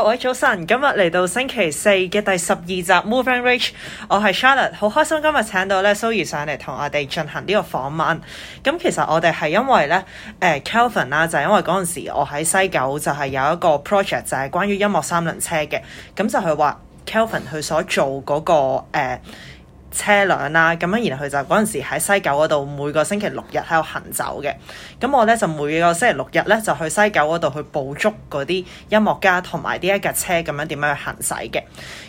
各位早晨，今日嚟到星期四嘅第十二集 Moving Reach，我係 Charlotte，好開心今日請到咧蘇怡上嚟同我哋進行呢個訪問。咁、嗯、其實我哋係因為咧，誒、呃、Kelvin 啦、啊，就是、因為嗰陣時我喺西九就係有一個 project，就係關於音樂三輪車嘅。咁、嗯、就係、是、話 Kelvin 佢所做嗰、那個、呃車輛啦、啊，咁樣然後佢就嗰陣時喺西九嗰度每個星期六日喺度行走嘅。咁我咧就每個星期六日咧就去西九嗰度去捕捉嗰啲音樂家同埋呢一架車咁樣點樣去行駛嘅。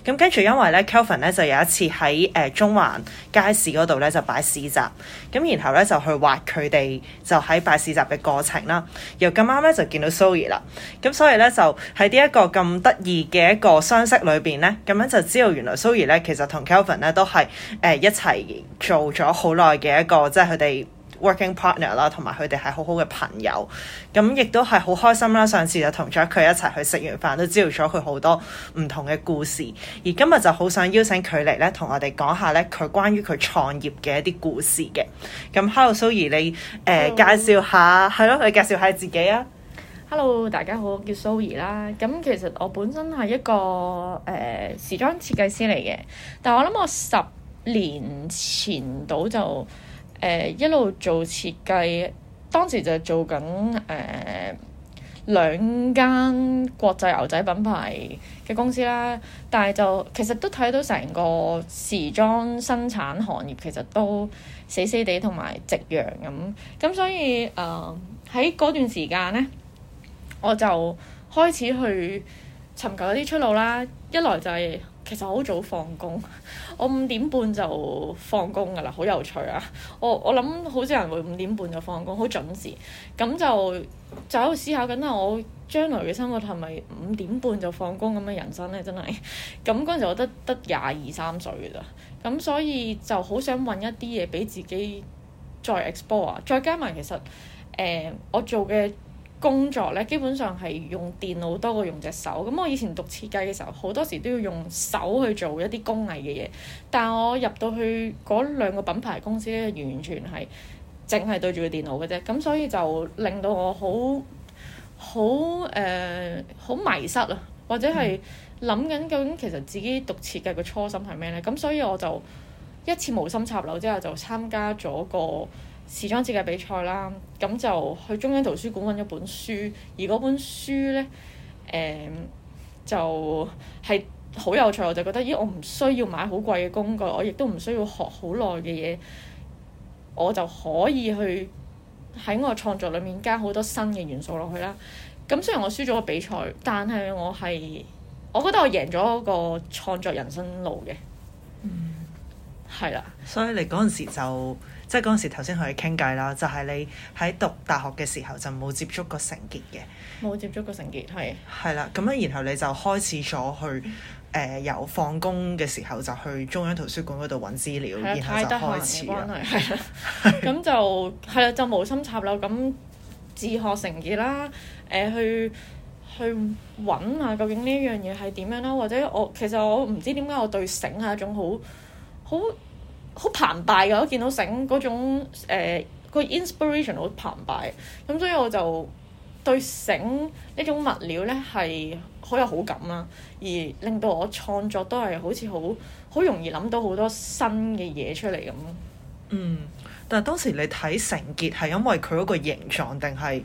咁跟住因為咧 Kelvin 咧就有一次喺誒、呃、中環街市嗰度咧就擺市集，咁然後咧就去畫佢哋就喺擺市集嘅過程啦。又咁啱咧就見到 Zoe 啦，咁所以咧就喺呢一個咁得意嘅一個相識裏邊咧，咁樣就知道原來 Zoe 咧其實同 Kelvin 咧都係。誒、呃、一齊做咗好耐嘅一個，即係佢哋 working partner 啦，同埋佢哋係好好嘅朋友。咁、嗯、亦都係好開心啦！上次就同咗佢一齊去食完飯，都知道咗佢好多唔同嘅故事。而今日就好想邀請佢嚟咧，同我哋講下咧佢關於佢創業嘅一啲故事嘅。咁、嗯、Hello，Zoe，你誒、呃、Hello。介紹下係咯、嗯？你介紹下自己啊！Hello，大家好，我叫 Zoe 啦。咁其實我本身係一個誒、呃、時裝設計師嚟嘅，但我諗我十年前到就誒、呃、一路做設計，當時就做緊誒、呃、兩間國際牛仔品牌嘅公司啦。但係就其實都睇到成個時裝生產行業其實都死死地同埋夕陽咁。咁所以誒喺嗰段時間呢，我就開始去尋求一啲出路啦。一來就係、是、其實好早放工。 我五點半就放工噶啦，好有趣啊！我我諗好少人會五點半就放工，好準時。咁就就喺度思考緊啦，我將來嘅生活係咪五點半就放工咁嘅人生呢，真係。咁嗰陣時我得得廿二三歲㗎咋，咁所以就好想揾一啲嘢俾自己再 explore，再加埋其實誒、呃、我做嘅，工作咧基本上係用電腦多過用隻手，咁我以前讀設計嘅時候，好多時都要用手去做一啲工藝嘅嘢，但我入到去嗰兩個品牌公司咧，完全係淨係對住個電腦嘅啫，咁所以就令到我好好誒、呃、好迷失啊，或者係諗緊究竟其實自己讀設計嘅初心係咩呢？咁所以我就一次無心插柳之後就參加咗個。時裝設計比賽啦，咁就去中央圖書館揾咗本書，而嗰本書呢，誒、嗯、就係好有趣，我就覺得咦，我唔需要買好貴嘅工具，我亦都唔需要學好耐嘅嘢，我就可以去喺我創作裏面加好多新嘅元素落去啦。咁雖然我輸咗個比賽，但係我係我覺得我贏咗個創作人生路嘅，嗯，係啦。所以你嗰陣時就～即係嗰陣時頭先同你傾偈啦，就係、是、你喺讀大學嘅時候就冇接觸過繩結嘅，冇接觸過繩結，係係啦，咁樣然後你就開始咗去誒，由放工嘅時候就去中央圖書館嗰度揾資料，的然後就開始啦。咁 的 就係啦，就無心插柳咁自學繩結啦。誒、呃，去去揾下究竟呢一樣嘢係點樣啦，或者我其實我唔知點解我對繩係一種好好。好澎湃㗎！我見到繩嗰種誒、呃個 inspiration 好澎湃，咁所以我就對繩呢種物料呢係好有好感啦，而令到我創作都係好似好好容易諗到好多新嘅嘢出嚟咁咯。嗯，但係當時你睇繩結係因為佢嗰個形狀定係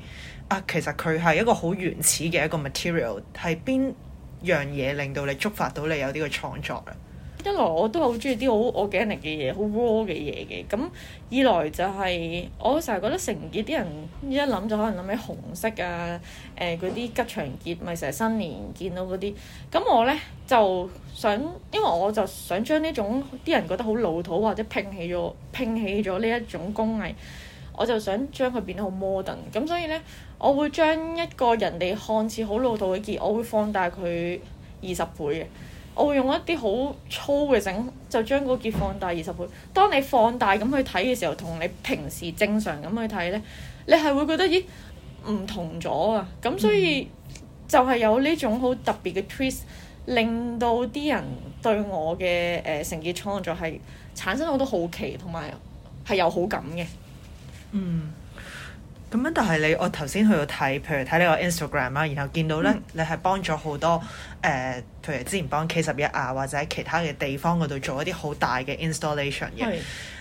啊？其實佢係一個好原始嘅一個 material，係邊樣嘢令到你觸發到你有呢個創作咧？一來我都好中意啲好我嘅 e n e r 嘅嘢，好 raw 嘅嘢嘅。咁二來就係、是、我成日覺得成件啲人一諗就可能諗起紅色啊，誒嗰啲吉祥結咪成日新年見到嗰啲。咁我咧就想，因為我就想將呢種啲人覺得好老土或者拼起咗拼起咗呢一種工藝，我就想將佢變得好 modern。咁所以咧，我會將一個人哋看似好老土嘅結，我會放大佢二十倍嘅。我會用一啲好粗嘅繩，就將個結放大二十倍。當你放大咁去睇嘅時候，同你平時正常咁去睇呢，你係會覺得咦唔同咗啊！咁所以、嗯、就係有呢種好特別嘅 twist，令到啲人對我嘅誒、呃、繩結創作係產生好多好奇同埋係有好感嘅。嗯。咁樣，但係你我頭先去到睇，譬如睇呢個 Instagram 啦，然後見到咧，嗯、你係幫咗好多誒、呃，譬如之前幫 K 十一啊，或者其他嘅地方嗰度做一啲好大嘅 installation 嘅。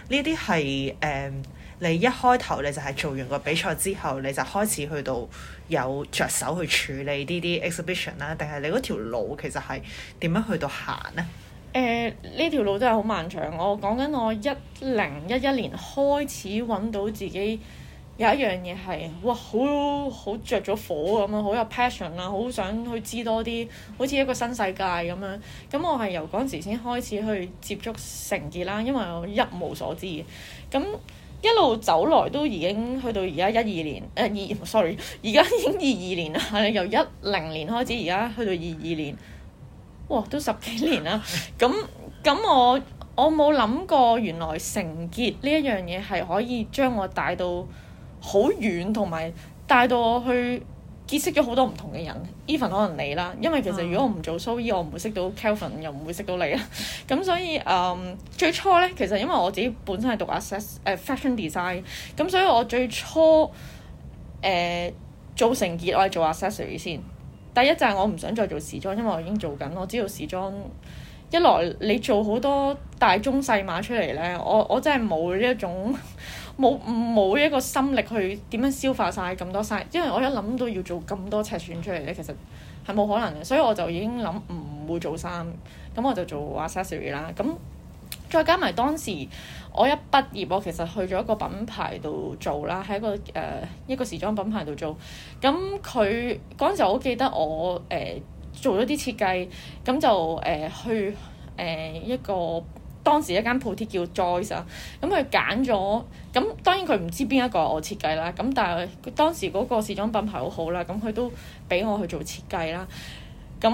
呢啲係誒，你一開頭你就係做完個比賽之後，你就開始去到有着手去處理呢啲 exhibition 啦，定係你嗰條路其實係點樣去到行呢？誒、呃，呢條路真係好漫長。我講緊我一零一一年開始揾到自己。有一樣嘢係哇，好好着咗火咁啊，好有 passion 啊，好想去知多啲，好似一個新世界咁樣。咁我係由嗰陣時先開始去接觸繩結啦，因為我一無所知嘅。咁一路走來都已經去到而家一二年，誒二 sorry，而家已經二二年啦。係由一零年開始，而家去到二二年，哇，都十幾年啦。咁咁我我冇諗過，原來繩結呢一樣嘢係可以將我帶到好遠，同埋帶到我去結識咗好多唔同嘅人，even 可能你啦，因為其實如果我唔做 Zoee，我唔會識到 Kelvin，又唔會識到你啦。咁 所以誒、嗯，最初咧，其實因為我自己本身係讀 access 誒、呃、fashion design，咁所以我最初誒做、呃、繩結，我係做 accessory 先。第一就係我唔想再做時裝，因為我已經做緊，我知道時裝一來你做好多大中細碼出嚟咧，我我真係冇呢一種。 冇冇一個心力去點樣消化晒咁多衫，因為我一諗到要做咁多尺寸出嚟咧，其實係冇可能嘅，所以我就已經諗唔會做衫，咁我就做 accessory 啦。咁再加埋當時我一畢業，我其實去咗一個品牌度做啦，喺一個誒、呃、一個時裝品牌度做。咁佢嗰陣時我記得我誒、呃、做咗啲設計，咁就誒、呃、去誒、呃、一個。當時一間鋪貼叫 Joyce 啊、嗯，咁佢揀咗，咁、嗯、當然佢唔知邊一個係我設計啦，咁、嗯、但係佢當時嗰個時裝品牌好好啦，咁、嗯、佢都俾我去做設計啦。咁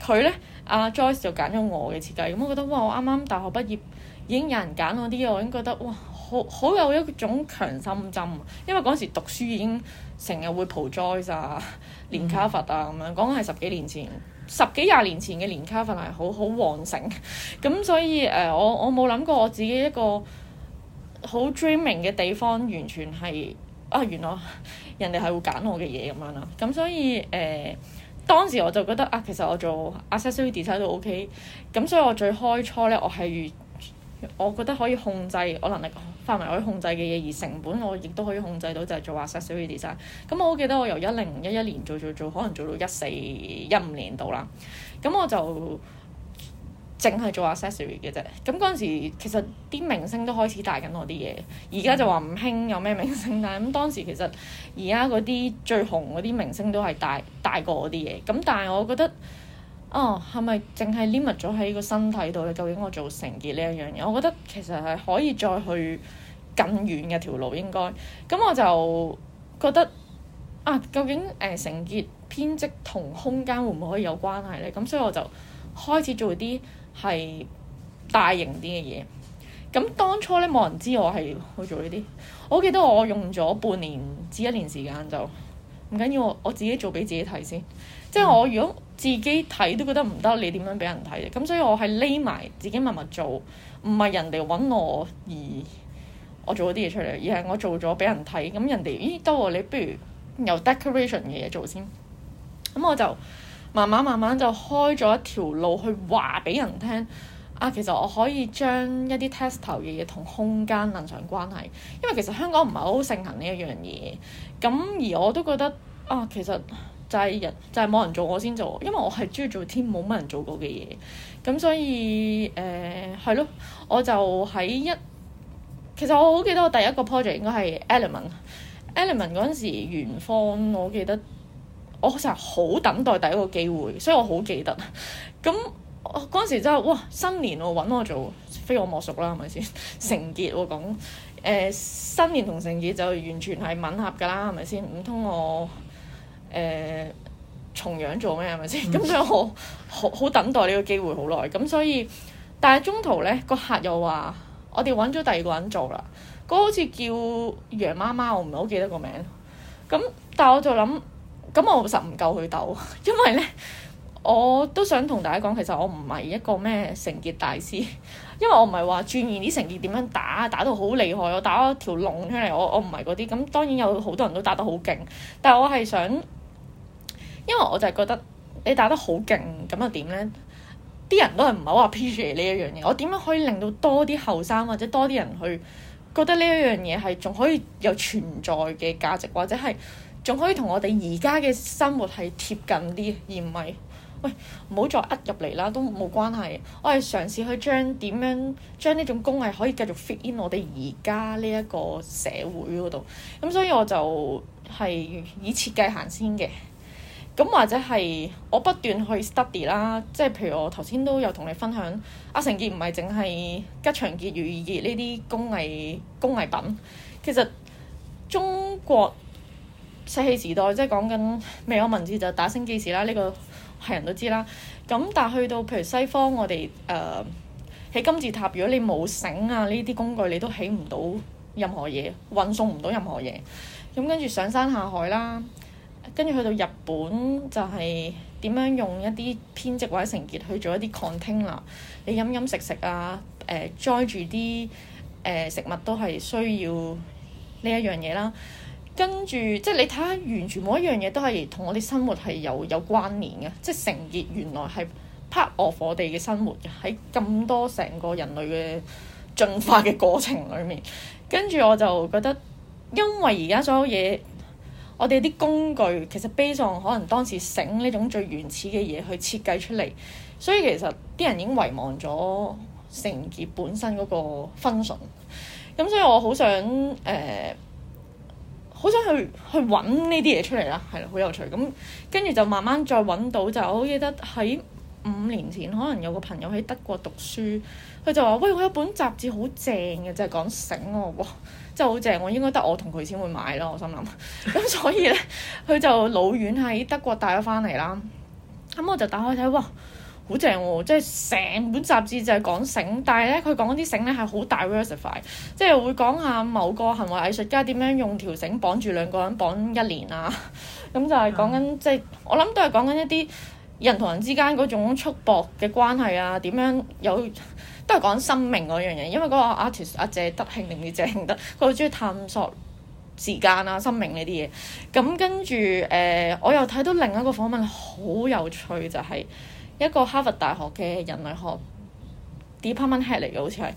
佢咧，阿、啊、Joyce 就揀咗我嘅設計，咁、嗯、我覺得哇，我啱啱大學畢業已經有人揀我啲嘢，我已經覺得哇，好好有一種強心針。因為嗰時讀書已經成日會蒲 Joyce 啊、連卡佛啊咁樣，講緊係十幾年前。十幾廿年前嘅年卡份係好好旺盛，咁所以誒、呃、我我冇諗過我自己一個好 dreaming 嘅地方，完全係啊，原來人哋係會揀我嘅嘢咁樣啦，咁所以誒、呃、當時我就覺得啊，其實我做 accessory design 都 OK，咁所以我最開初咧我係我覺得可以控制我能力範圍我可以控制嘅嘢，而成本我亦都可以控制到，就係、是、做 accessory design。咁、嗯、我好記得我由一零一一年做，做做做，可能做到一四一五年度啦。咁、嗯、我就淨係做 accessory 嘅啫。咁嗰陣時其實啲明星都開始戴緊我啲嘢，而家就話唔興有咩明星戴。咁、嗯、當時其實而家嗰啲最紅嗰啲明星都係戴戴過我啲嘢。咁、嗯、但係我覺得。哦，係咪淨係 limit 咗喺個身體度咧？究竟我做繩結呢一樣嘢，我覺得其實係可以再去更遠嘅條路應該。咁我就覺得啊，究竟誒、呃、繩結編織同空間會唔會可以有關係咧？咁所以我就開始做啲係大型啲嘅嘢。咁當初咧，冇人知我係去做呢啲。我記得我用咗半年至一年時間就唔緊要，我我自己做俾自己睇先。嗯、即係我如果。自己睇都覺得唔得，你點樣俾人睇嘅？咁所以我係匿埋自己默默做，唔係人哋揾我而我做咗啲嘢出嚟，而係我做咗俾人睇。咁人哋咦，都話你不如由 decoration 嘅嘢做先。咁我就慢慢慢慢就開咗一條路去話俾人聽啊，其實我可以將一啲 textile 嘅嘢同空間連上關係。因為其實香港唔係好盛行呢一樣嘢。咁而我都覺得啊，其實。就係人就係、是、冇人做我先做，因為我係中意做 team 冇乜人做過嘅嘢，咁所以誒係、呃、咯，我就喺一，其實我好記得我第一個 project 應該係 Element，Element 嗰陣時圓方，我記得我成日好等待第一個機會，所以我好記得。咁我嗰時真係哇，新年我揾我做非我莫屬啦，係咪先？繩結我講誒、呃、新年同繩結就完全係吻合噶啦，係咪先？唔通我？誒、呃、重樣做咩係咪先？咁所以我好好等待呢個機會好耐，咁所以但係中途咧個客又話，我哋揾咗第二個人做啦，嗰、那個、好似叫楊媽媽，我唔係好記得個名。咁但係我就諗，咁我實唔夠佢鬥，因為咧我都想同大家講，其實我唔係一個咩繩結大師，因為我唔係話轉移啲繩結點樣打打到好厲害，我打咗條龍出嚟，我我唔係嗰啲。咁當然有好多人都打得好勁，但係我係想。因為我就係覺得你打得好勁咁又點呢？啲人都係唔係好 appreciate 呢一樣嘢？我點樣可以令到多啲後生或者多啲人去覺得呢一樣嘢係仲可以有存在嘅價值，或者係仲可以同我哋而家嘅生活係貼近啲，而唔係喂，唔好再呃入嚟啦，都冇關係。我係嘗試去將點樣將呢種工藝可以繼續 fit in 我哋而家呢一個社會嗰度咁，所以我就係以設計行先嘅。咁或者係我不斷去 study 啦，即係譬如我頭先都有同你分享，阿繩結唔係淨係吉祥結、如意結呢啲工藝、工藝品，其實中國石器時代即係講緊未有文字就打繩記事啦，呢個係人都知啦。咁但係去到譬如西方，我哋誒起金字塔，如果你冇繩啊、呢啲工具，你都起唔到任何嘢，運送唔到任何嘢。咁跟住上山下海啦。跟住去到日本就係、是、點樣用一啲編織或者成結去做一啲 container 啦，你飲飲食食啊，誒、呃、載住啲誒、呃、食物都係需要呢一樣嘢啦。跟住即係你睇下，完全每一樣嘢都係同我哋生活係有有關聯嘅。即係成結原來係 part of 我哋嘅生活嘅喺咁多成個人類嘅進化嘅過程裡面。跟住我就覺得，因為而家所有嘢。我哋啲工具其實悲壯，可能當時繩呢種最原始嘅嘢去設計出嚟，所以其實啲人已經遺忘咗繩結本身嗰個分層。咁所以我好想誒，好、呃、想去去揾呢啲嘢出嚟啦，係啦，好有趣。咁跟住就慢慢再揾到，就好、是、記得喺五年前，可能有個朋友喺德國讀書，佢就話：，喂，我有本雜誌好正嘅，就係講繩喎、啊。真好正，我應該得我同佢先會買咯，我心諗。咁 所以咧，佢就老遠喺德國帶咗翻嚟啦。咁我就打開睇，哇，好正喎！即係成本雜誌就係講繩，但係咧佢講嗰啲繩咧係好 diversify，即係會講下某個行為藝術家點樣用條繩綁住兩個人綁一年啊。咁就係講緊即係我諗都係講緊一啲人同人之間嗰種束縛嘅關係啊，點樣有？都係講生命嗰樣嘢，因為嗰個 artist 阿、啊、謝德慶定唔知謝慶德，佢好中意探索時間啊、生命呢啲嘢。咁跟住誒、呃，我又睇到另一個訪問好有趣，就係、是、一個哈佛大學嘅人類學 department head 嚟嘅，好似係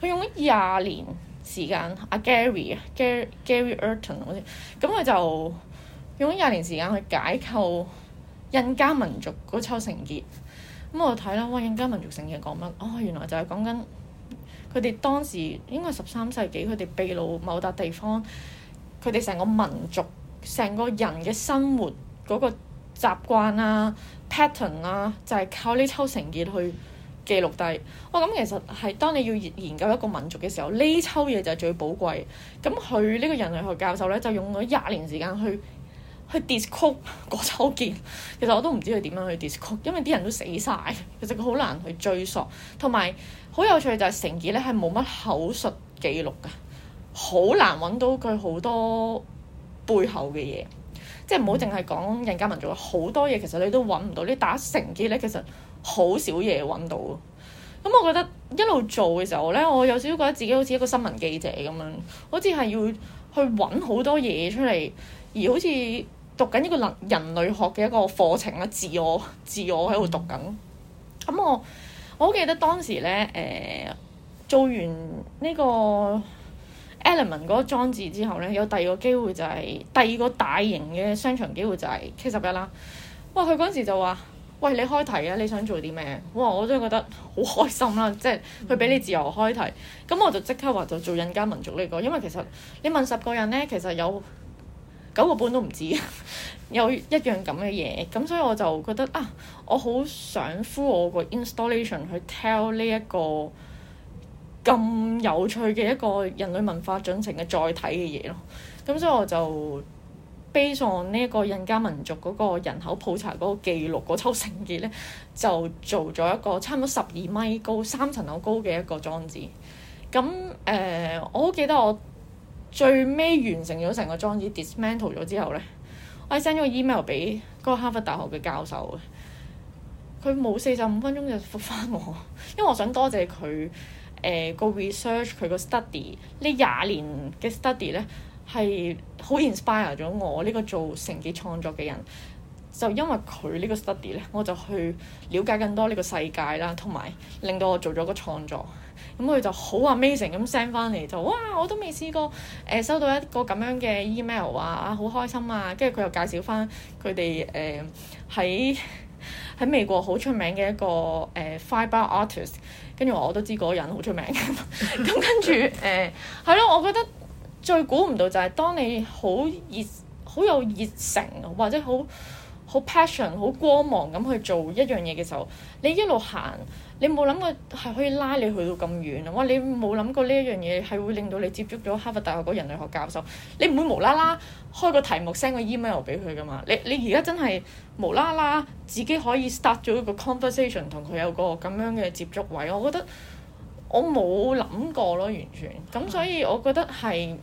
佢用咗廿年時間，阿、啊、Gary Gary Gary Urton、er、好似，咁佢就用咗廿年時間去解構印加民族嗰個抽成結。咁我睇啦，哇《印加民族繩結》講乜？哦，原來就係講緊佢哋當時應該十三世紀，佢哋秘魯某笪地方，佢哋成個民族、成個人嘅生活嗰、那個習慣啊、pattern 啊，就係、是、靠呢抽繩結去記錄低。哇、哦！咁、嗯、其實係當你要研究一個民族嘅時候，呢抽嘢就係最寶貴。咁佢呢個人類學教授咧，就用咗廿年時間去。去 discover 抽 e 其實我都唔知佢點樣去 discover 因為啲人都死晒，其實佢好難去追索。同埋好有趣就係、是、繩結咧，係冇乜口述記錄㗎，好難揾到佢好多背後嘅嘢。即係唔好淨係講印加民族，好多嘢其實你都揾唔到。啲打繩結咧，其實好少嘢揾到。咁我覺得一路做嘅時候咧，我有少少覺得自己好似一個新聞記者咁樣，好似係要去揾好多嘢出嚟。而好似讀緊呢個能人類學嘅一個課程咧，自我自我喺度讀緊。咁我我好記得當時咧，誒、呃、做完呢個 element 嗰個裝置之後咧，有第二個機會就係、是、第二個大型嘅商場機會就係 K11 啦。哇！佢嗰時就話，喂，你開題啊，你想做啲咩？哇！我真係覺得好開心啦，啊，即係佢俾你自由開題。咁我就即刻話就做印加民族呢、這個，因為其實你問十個人咧，其實有，九個半都唔止， 有一樣咁嘅嘢，咁所以我就覺得啊，我好想 through 我 install、這個 installation 去 tell 呢一個咁有趣嘅一個人類文化進程嘅載體嘅嘢咯。咁所以我就 based on 呢個印加民族嗰個人口普查嗰個記錄嗰抽繩結咧，就做咗一個差唔多十二米高三層樓高嘅一個裝置。咁誒、呃，我好記得我。最尾完成咗成個裝置，dismantle 咗之後呢，我 send 咗個 email 俾嗰個哈佛大學嘅教授，佢冇四十五分鐘就覆返我，因為我想多謝佢，誒、呃、個 research 佢個 study 呢廿年嘅 study 呢，係好 inspire 咗我呢個做繩結創作嘅人，就因為佢呢個 study 呢，我就去了解更多呢個世界啦，同埋令到我做咗個創作。咁佢就好 amazing 咁 send 翻嚟，就哇，我都未試過誒、呃、收到一個咁樣嘅 email 啊，好開心啊！跟住佢又介紹翻佢哋誒喺喺美國好出名嘅一個誒、呃、fiber artist，跟住話我都知嗰個人好出名。咁 跟住誒係咯，我覺得最估唔到就係當你好熱好有熱誠或者好好 passion 好光芒咁去做一樣嘢嘅時候，你一路行。你冇諗過係可以拉你去到咁遠啊！哇，你冇諗過呢一樣嘢係會令到你接觸咗哈佛大學個人類學教授？你唔會無啦啦開個題目 send 個 email 俾佢噶嘛？你你而家真係無啦啦自己可以 start 咗一個 conversation 同佢有個咁樣嘅接觸位，我覺得我冇諗過咯，完全。咁所以我覺得係誒、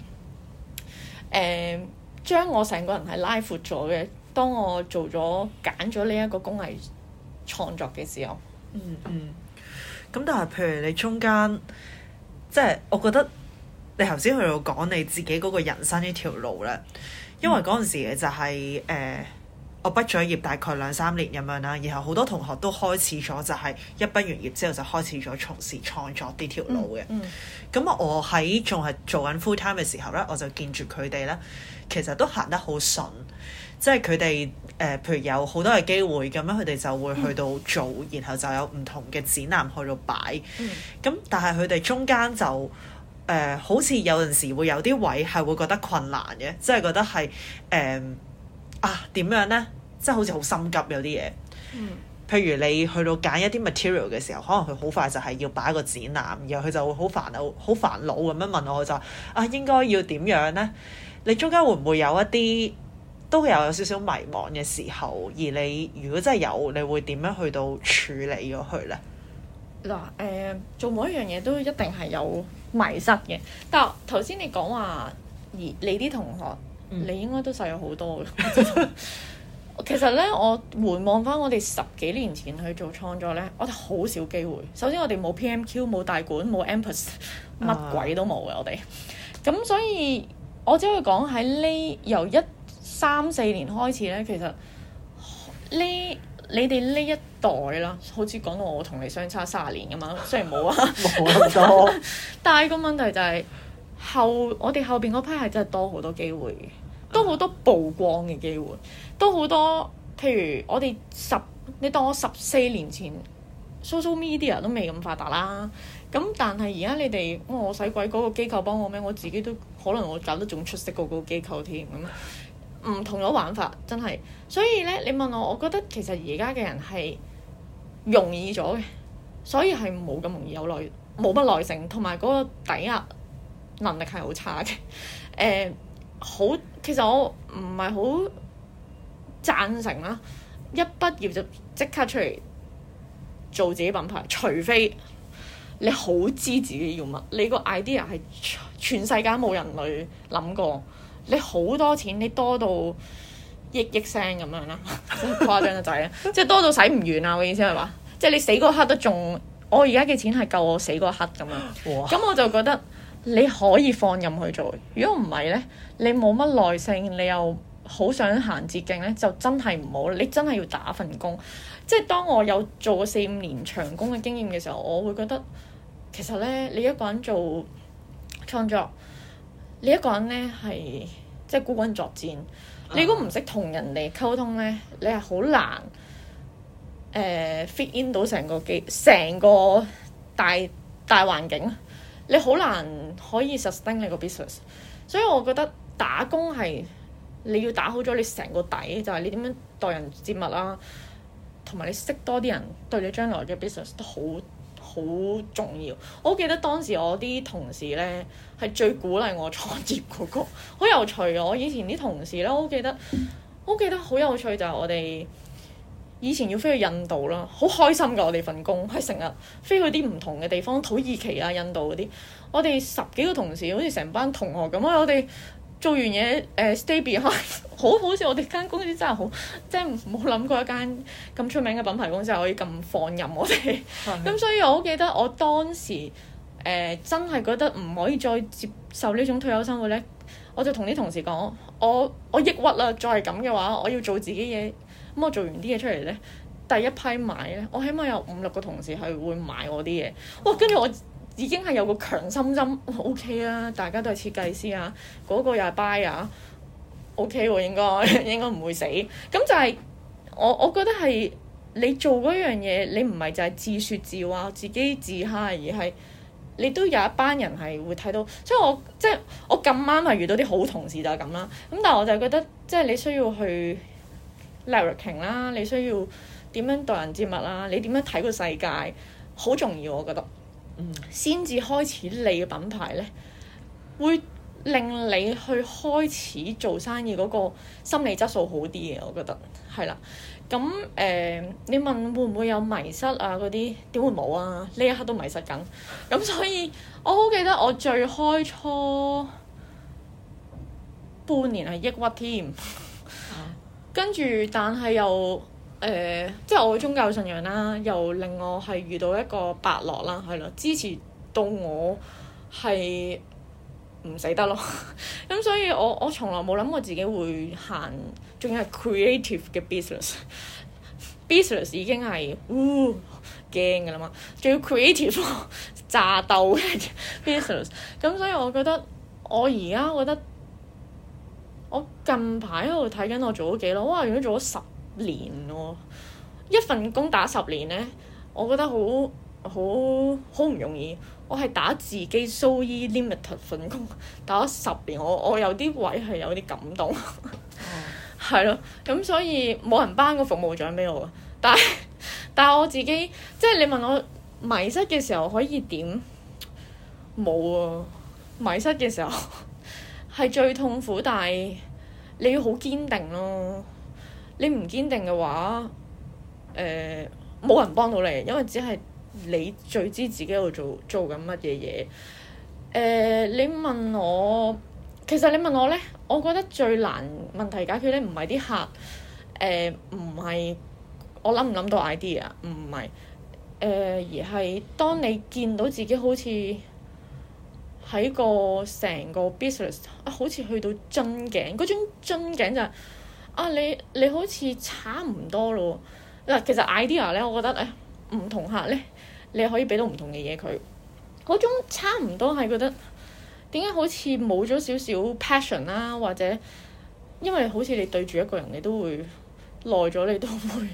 嗯呃、將我成個人係拉闊咗嘅。當我做咗揀咗呢一個工藝創作嘅時候，嗯嗯。咁但係，譬如你中間，即係我覺得你頭先去到講你自己嗰個人生呢條路咧，因為嗰陣時嘅就係、誒、嗯呃、我畢咗業大概兩三年咁樣啦，然後好多同學都開始咗就係一畢完業之後就開始咗從事創作呢條路嘅。咁、嗯嗯嗯、我喺仲係做緊 full time 嘅時候呢，我就見住佢哋呢，其實都行得好順。即係佢哋誒，譬如有好多嘅機會，咁樣佢哋就會去到做，嗯、然後就有唔同嘅展覽去到擺。咁、嗯、但係佢哋中間就誒、呃，好似有陣時會有啲位係會覺得困難嘅，即係覺得係誒、呃、啊點樣呢？即係好似好心急有啲嘢。嗯、譬如你去到揀一啲 material 嘅時候，可能佢好快就係要擺一個展覽，然後佢就會好煩惱好煩惱咁樣問我就話、啊，應該要點樣呢？你中間會唔會有一啲？都有有少少迷茫嘅時候，而你如果真係有，你會點樣去到處理咗佢呢？嗱，誒、呃、做每一樣嘢都一定係有迷失嘅。但頭先你講話，而你啲同學，嗯、你應該都細咗好多嘅。 其實呢，我回望翻我哋十幾年前去做創作呢，我哋好少機會。首先我哋冇 P M Q，冇大館，冇 e m p u s，乜鬼都冇嘅。我哋咁所以，我只可以講喺呢由一三四年開始咧，其實呢你哋呢一代啦，好似講到我同你相差三十年咁樣，雖然冇啊冇咁多， 但係個問題就係、是、後我哋後邊嗰批係真係多好多機會嘅，都好多曝光嘅機會，都好多，多譬如我哋十你當我十四年前 social media 都未咁發達啦，咁但係而家你哋我使鬼嗰個機構幫我咩？我自己都可能我搞得仲出色過個機構添咁。唔同咗玩法，真係，所以呢，你問我，我覺得其實而家嘅人係容易咗嘅，所以係冇咁容易有耐，冇乜耐性，同埋嗰個抵押能力係好差嘅。誒、呃，好，其實我唔係好贊成啦，一畢業就即刻出嚟做自己品牌，除非你好知自己要乜，你個 idea 係全世界冇人類諗過。你好多錢，你多到億億聲咁樣啦，真 係誇張得了滯 啊！即係多到使唔完啊！我意思係話，即係你死嗰刻都仲，我而家嘅錢係夠我死嗰刻咁樣。咁哇我就覺得你可以放任去做。如果唔係呢，你冇乜耐性，你又好想行捷徑呢，就真係唔好。你真係要打份工。即係當我有做過四五年長工嘅經驗嘅時候，我會覺得其實呢，你一個人做創作，你一個人呢係。即係孤軍作戰，你如果唔識同人哋溝通咧，你係好難誒、呃、fit in 到成個機成個大大環境，你好難可以 sustain 你個 business，所以我覺得打工係你要打好咗你成個底，就係、是、你點樣待人接物啦、啊，同埋你識多啲人，對你將來嘅 business 都好。好重要！我記得當時我啲同事呢，係最鼓勵我創業嗰個，好有趣啊！我以前啲同事呢，我記得，我記得好有趣就係我哋以前要飛去印度啦，好開心㗎！我哋份工係成日飛去啲唔同嘅地方，土耳其啊、印度嗰啲，我哋十幾個同事好似成班同學咁啊！我哋。做完嘢誒、呃、stay behind 好好笑！我哋間公司真係好，即係冇諗過一間咁出名嘅品牌公司可以咁放任我哋。咁的所以我好記得我當時誒、呃、真係覺得唔可以再接受呢種退休生活咧，我就同啲同事講：我我抑鬱啦，再係咁嘅話，我要做自己嘢。咁我做完啲嘢出嚟咧，第一批買咧，我起碼有五六個同事係會買我啲嘢。哇！跟住我。已經係有個強心針，O K 啦，大家都係設計師啊，嗰個又係 buyer 啊，O K 喎，應該應該唔會死。咁就係我我覺得係你做嗰樣嘢，你唔係就係自説自話、自己自嗨，而係你都有一班人係會睇到。所以我即係我咁啱係遇到啲好同事就係咁啦。咁但係我就覺得即係你需要去 networking 啦，你需要點樣待人接物啦，你點樣睇個世界，好重要，我覺得。先至開始你嘅品牌呢，會令你去開始做生意嗰個心理質素好啲嘅，我覺得係啦。咁誒、呃，你問會唔會有迷失啊？嗰啲點會冇啊？呢一刻都迷失緊。咁所以我好記得我最開初半年係抑鬱添， 跟住但係又。誒，uh, 即係我嘅宗教信仰啦，又令我係遇到一個伯樂啦，係啦，支持到我係唔死得咯。咁 所以我我從來冇諗過自己會行，仲要係 creative 嘅 business。 business 已經係，oo 驚㗎啦嘛，仲要 creative 炸斗嘅 business。咁 所以我覺得我而家覺得我近排喺度睇緊我做咗幾耐，哇，話原來做咗十。年喎，一份工打十年呢，我覺得好好好唔容易。我係打自己 Zoee Limited 份工，打咗十年，我我有啲位係有啲感動。係 咯、嗯，咁所以冇人頒個服務獎俾我。但係但係我自己，即係你問我迷失嘅時候可以點？冇啊，迷失嘅時候係最痛苦，但係你要好堅定咯。你唔堅定嘅話，誒、呃、冇人幫到你，因為只係你最知自己喺度做做緊乜嘢嘢。誒、呃，你問我，其實你問我咧，我覺得最難問題解決咧，唔係啲客，誒唔係我諗唔諗到 idea，唔係誒、呃，而係當你見到自己好似喺個成個 business、啊、好似去到樽頸，嗰種樽頸就係、～啊，你你好似差唔多咯，嗱，其實 idea 咧，我覺得誒唔同客咧，你可以俾到唔同嘅嘢佢，嗰種差唔多係覺得點解好似冇咗少少 passion 啦、啊，或者因為好似你對住一個人，你都會耐咗，你都會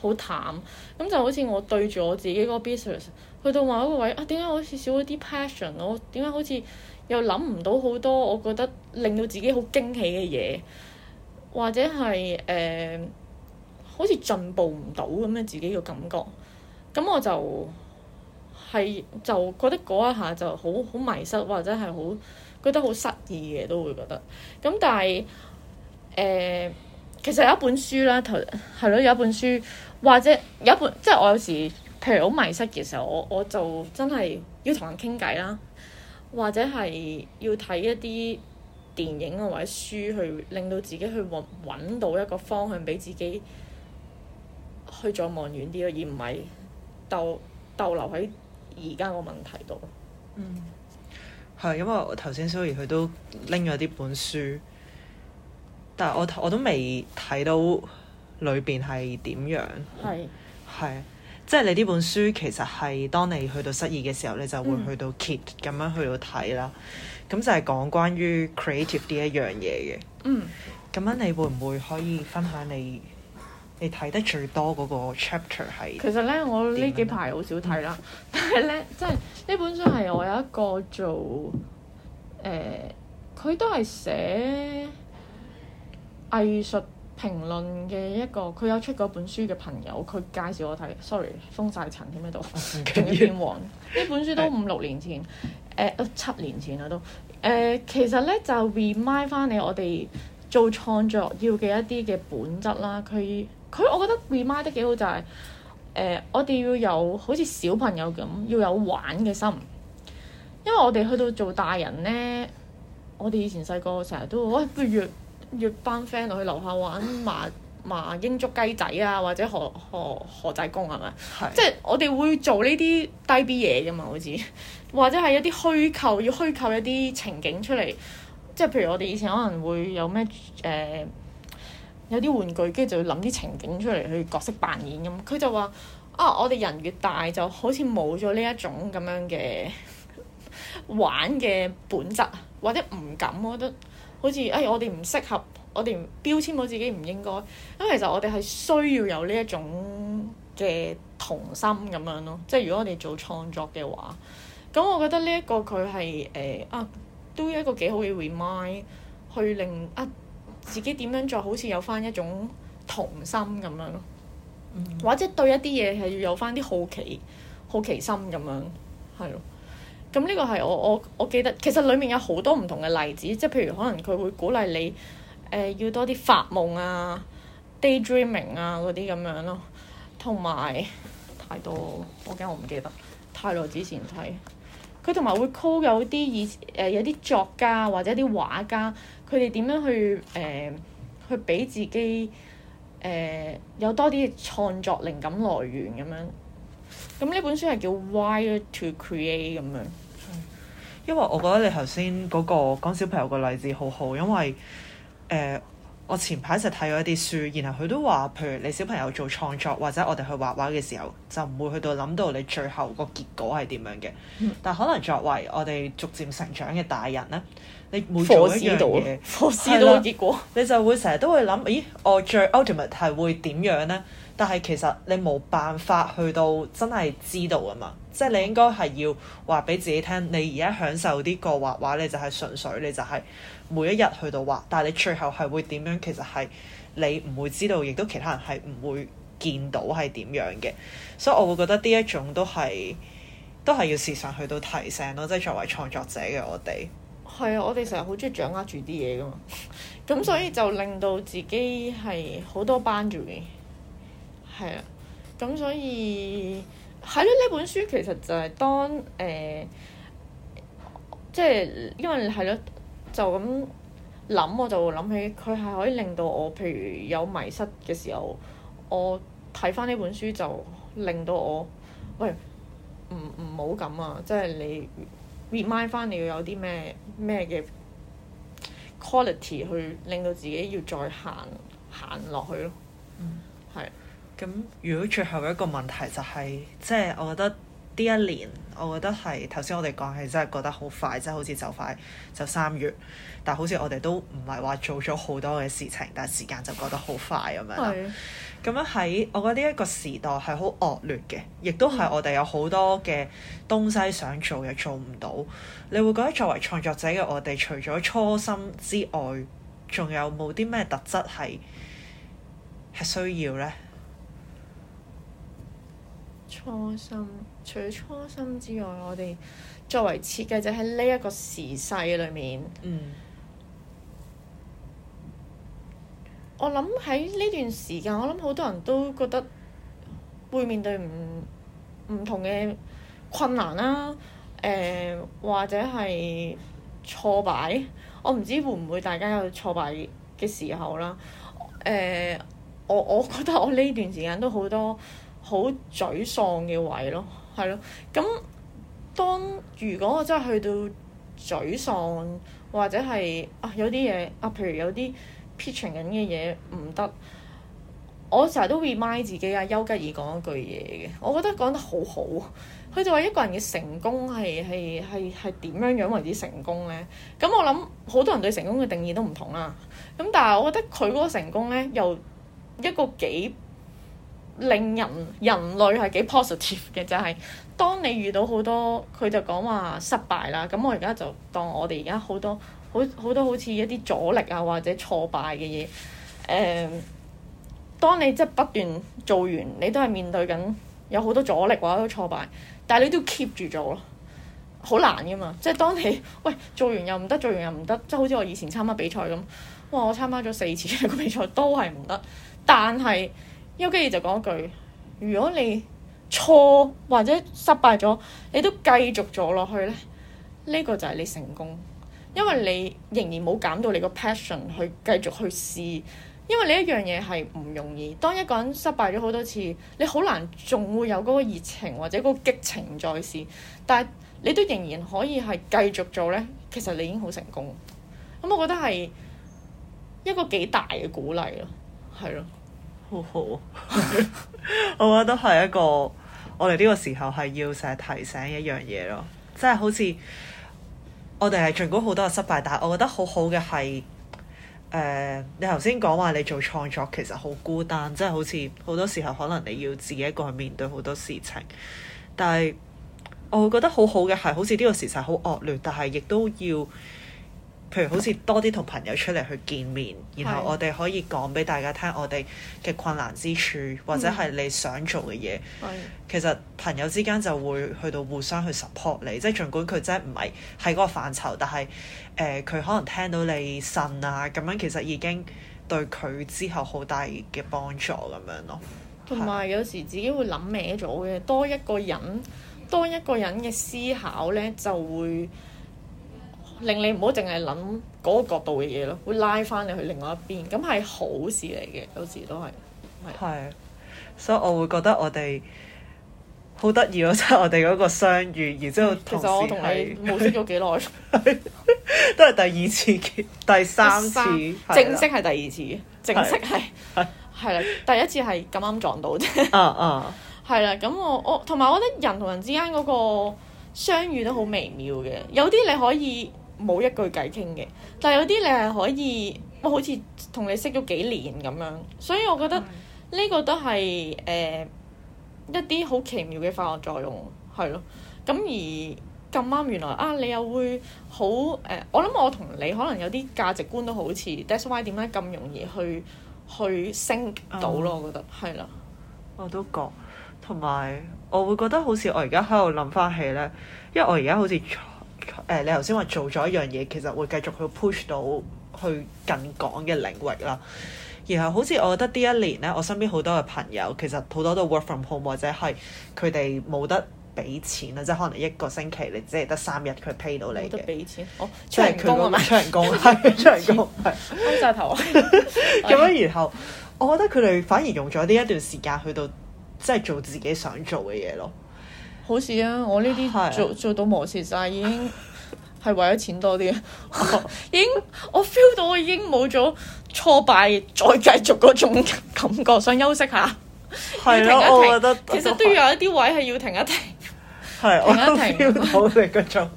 好淡，咁就好似我對住我自己嗰個 business，去到某一個位啊，點解好似少咗啲 passion 囉？我點解好似又諗唔到好多？我覺得令到自己好驚喜嘅嘢。或者係誒、呃，好似進步唔到咁樣自己嘅感覺，咁我就係就覺得嗰一下就好好迷失，或者係好覺得好失意嘅都會覺得。咁但係誒、呃，其實有一本書啦，頭係咯有一本書，或者有一本即係、就是、我有時譬如好迷失嘅時候，我我就真係要同人傾偈啦，或者係要睇一啲。電影啊，或者書去令到自己去揾到一個方向，俾自己去再望遠啲咯，而唔係逗逗留喺而家個問題度。嗯，係因為我頭先 Zoe 雖然佢都拎咗啲本書，但係我我都未睇到裏邊係點樣。係係是。即係你呢本書其實係當你去到失意嘅時候，你、嗯、就會去到 k 揭咁樣去到睇啦。咁就係講關於 creative 呢一樣嘢嘅。嗯。咁樣你會唔會可以分享你你睇得最多嗰個 chapter 係？其實咧，我呢幾排好少睇啦。嗯、但係咧，即係呢本書係我有一個做誒，佢、呃、都係寫藝術。評論嘅一個，佢有出過本書嘅朋友，佢介紹我睇。Sorry，封晒塵添喺度，仲要變黃。呢 本書都五六年前，誒、 呃呃，七年前啦都。誒、呃，其實咧就 remind 翻你，我哋做創作要嘅一啲嘅本質啦。佢佢，我覺得 remind 得幾好、就係，就係誒，我哋要有好似小朋友咁要有玩嘅心，因為我哋去到做大人咧，我哋以前細個成日都哇、哎、不如。約班 friend 去樓下玩麻麻英捉雞仔啊，或者何河河仔公係咪？是即係我哋會做呢啲低 B 嘢㗎嘛，好似或者係一啲虛構，要虛構一啲情景出嚟。即係譬如我哋以前可能會有咩誒、呃、有啲玩具，跟住就要諗啲情景出嚟去角色扮演咁。佢就話：啊，我哋人越大，就好似冇咗呢一種咁樣嘅玩嘅本質，或者唔敢，我覺得。好似哎，我哋唔適合，我哋標籤我自己唔應該。咁其實我哋係需要有呢一種嘅童心咁樣咯。即係如果我哋做創作嘅話，咁我覺得呢一個佢係誒啊，都一個幾好嘅 remind，去令啊自己點樣做好似有翻一種童心咁樣咯。或者對一啲嘢係要有翻啲好奇、好奇心咁樣，係咯。咁呢個係我我我記得，其實裏面有好多唔同嘅例子，即係譬如可能佢會鼓勵你誒、呃、要多啲發夢啊，day dreaming 啊嗰啲咁樣咯，同埋太多，我驚我唔記得，太耐之前睇。佢同埋會 call 有啲以誒有啲作家或者啲畫家，佢哋點樣去誒、呃、去俾自己誒、呃、有多啲創作靈感來源咁樣。咁呢本書係叫《Wired to Create》咁樣。因為我覺得你頭先嗰個講小朋友個例子好好，因為誒、呃，我前排就睇咗一啲書，然後佢都話，譬如你小朋友做創作或者我哋去畫畫嘅時候，就唔會去到諗到你最後個結果係點樣嘅。 但可能作為我哋逐漸成長嘅大人呢，你會 focus 到嘢，focus 到結果，你就會成日都會諗，咦，我最 ultimate 係會點樣呢？」但係其實你冇辦法去到真係知道啊嘛，即係你應該係要話俾自己聽，你而家享受啲個畫畫，你就係純粹，你就係每一日去到畫，但係你最後係會點樣？其實係你唔會知道，亦都其他人係唔會見到係點樣嘅。所以我會覺得呢一種都係都係要時常去到提醒咯，即係作為創作者嘅我哋。係啊，我哋成日好中意掌握住啲嘢噶嘛，咁所以就令到自己係好多班住嘅。係啊，咁所以係咯，呢本書其實就係當誒、呃，即係因為係咯，就咁諗我就會諗起佢係可以令到我，譬如有迷失嘅時候，我睇翻呢本書就令到我，喂，唔唔好咁啊！即係你 remind 翻你要有啲咩咩嘅 quality 去令到自己要再行行落去咯，係、嗯。咁如果最後一個問題就係，即係我覺得呢一年，我覺得係頭先我哋講起真係覺得好快，即係好似就快就三月，但好似我哋都唔係話做咗好多嘅事情，但係時間就覺得好快咁樣。係。咁樣喺我覺得呢一個時代係好惡劣嘅，亦都係我哋有好多嘅東西想做又做唔到。你會覺得作為創作者嘅我哋，除咗初心之外，仲有冇啲咩特質係係需要呢？初心，除咗初心之外，我哋作為設計者喺呢一個時勢裏面，嗯、我諗喺呢段時間，我諗好多人都覺得會面對唔唔同嘅困難啦、啊。誒、呃，或者係挫敗，我唔知會唔會大家有挫敗嘅時候啦、啊。誒、呃，我我覺得我呢段時間都好多。好沮喪嘅位咯，係咯。咁當如果我真係去到沮喪，或者係啊有啲嘢啊，譬如有啲 pitching 緊嘅嘢唔得，我成日都 remind 自己啊，丘吉爾講一句嘢嘅，我覺得講得好好。佢就話一個人嘅成功係係係係點樣樣為之成功咧？咁我諗好多人對成功嘅定義都唔同啦。咁但係我覺得佢嗰個成功咧，又一個幾。令人人類係幾 positive 嘅，就係當你遇到好多，佢就講話失敗啦。咁我而家就當我哋而家好多好好多好似一啲阻力啊，或者挫敗嘅嘢。誒，當你即係不斷做完，你都係面對緊有好多阻力或者挫敗，但係你都要 keep 住做咯。好難噶嘛！即係當你喂做完又唔得，做完又唔得，即係好似我以前參加比賽咁。哇！我參加咗四次嘅比賽都係唔得，但係因為就講一句，如果你錯或者失敗咗，你都繼續咗落去呢。呢、呢個就係你成功，因為你仍然冇減到你個 passion 去繼續去試，因為呢一樣嘢係唔容易。當一個人失敗咗好多次，你好難仲會有嗰個熱情或者嗰個激情再試，但係你都仍然可以係繼續做呢，其實你已經好成功。咁我覺得係一個幾大嘅鼓勵咯，係咯。好很好， 我覺得都係一個，我哋呢個時候係要成日提醒一樣嘢咯，即係好似我哋係盡管好多嘅失敗，但係我覺得好好嘅係，誒、呃，你頭先講話你做創作其實好孤單，即係好似好多時候可能你要自己一個去面對好多事情，但係我會覺得好好嘅係，好似呢個時勢好惡劣，但係亦都要。譬如好似多啲同朋友出嚟去見面，然後我哋可以講俾大家聽我哋嘅困難之處，或者係你想做嘅嘢。嗯、其實朋友之間就會去到互相去 support 你，即係盡管佢真係唔係，喺嗰個範疇，但係誒佢可能聽到你呻啊，咁樣其實已經對佢之後好大嘅幫助，咁樣咯。同埋還有，是有時自己會諗歪咗嘅，多一個人多一個人嘅思考咧，就會。令你唔好淨係諗嗰個角度嘅嘢咯，會拉翻你去另外一邊，咁係好事嚟嘅，有時都係。係。所以我會覺得我哋好得意咯，即係我哋嗰個相遇，然之後同、嗯、其實我同你係。冇識咗幾耐？都係第二次嘅，第三次第三的正式係第二次正式係係啦。第一次係咁啱撞到啫。啊係啦，咁我我同埋我覺得人同人之間嗰個相遇都好微妙嘅，有啲你可以。冇一句偈傾嘅，但係有啲你係可以，好似同你識咗幾年咁樣，所以我覺得呢個都係誒的、呃、一啲好奇妙嘅化學作用，係咯。咁而咁啱，原來啊，你又會好誒、呃，我諗我同你可能有啲價值觀都好似，that's why 點解咁容易去去升到咯？嗯、我覺得係啦。我都覺，同埋我會覺得好似我而家喺度諗翻起咧，因為我而家好似。誒、呃，你頭先話做咗一樣嘢，其實會繼續去 push 到去近港嘅領域啦。然後好似我覺得呢一年咧，我身邊好多嘅朋友，其實好多都 work from home 或者係佢哋冇得俾錢啦，即係可能一個星期只你只係得三日佢 pay 到你嘅。冇得俾錢，好出人工啊嘛？出人工係出人工係，晒、欸、頭。 咁 樣然後，我覺得佢哋反而用咗呢一段時間去到，即係做自己想做嘅嘢咯。好事啊！我呢啲做做到磨蝕晒，已經係為咗錢多啲。 已經我 feel 到我已經冇咗挫敗，再繼續嗰種感覺，想休息下。係咯的，我覺得其實都要有一啲位係要停一停，係停一停。好嘅嗰種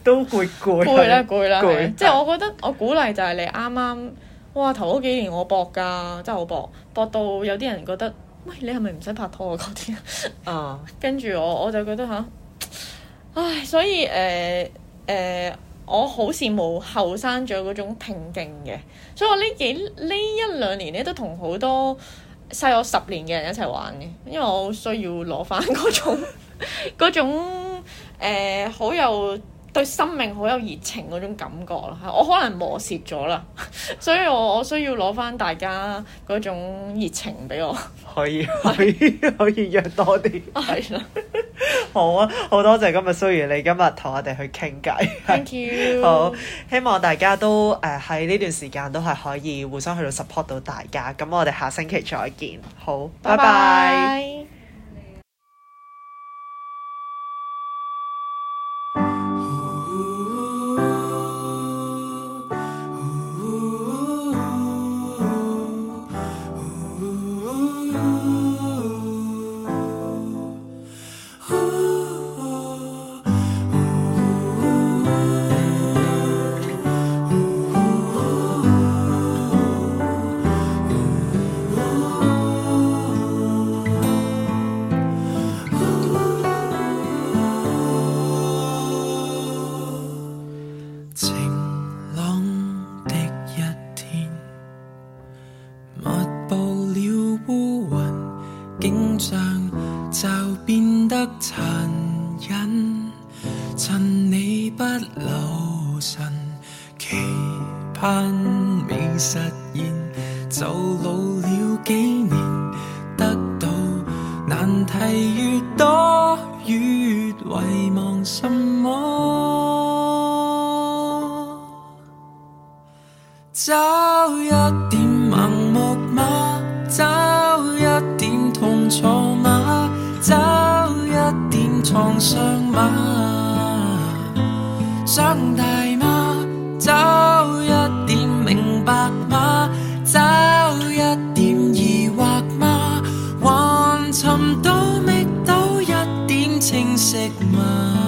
都會攰，攰啦攰啦。即係我覺得我鼓勵就係你啱啱哇頭嗰幾年我搏㗎，真係好搏搏到有啲人覺得。你係咪唔使拍拖啊？嗰啲啊，跟住我我就覺得嚇、啊，唉，所以誒誒、呃呃，我好羨慕後生仔嗰種拼勁嘅，所以我呢幾呢一兩年咧都同好多細我十年嘅人一齊玩嘅，因為我需要攞翻嗰種嗰 種誒、呃、好有。對生命好有熱情嗰種感覺啦，我可能磨蝕咗啦，所以我我需要攞翻大家嗰種熱情俾我，可以是可以可以約多啲，係啦的，好啊，好多謝今日 Zoe 你今日同我哋去傾偈，thank you， 好，希望大家都誒喺呢段時間都係可以互相去到 support 到大家，咁我哋下星期再見，好，拜拜。找一點盲目嗎？找一點痛楚嗎？找一點創傷嗎？想大嗎？找一點明白嗎？找一點疑惑嗎？還尋到覓到一點清晰嗎？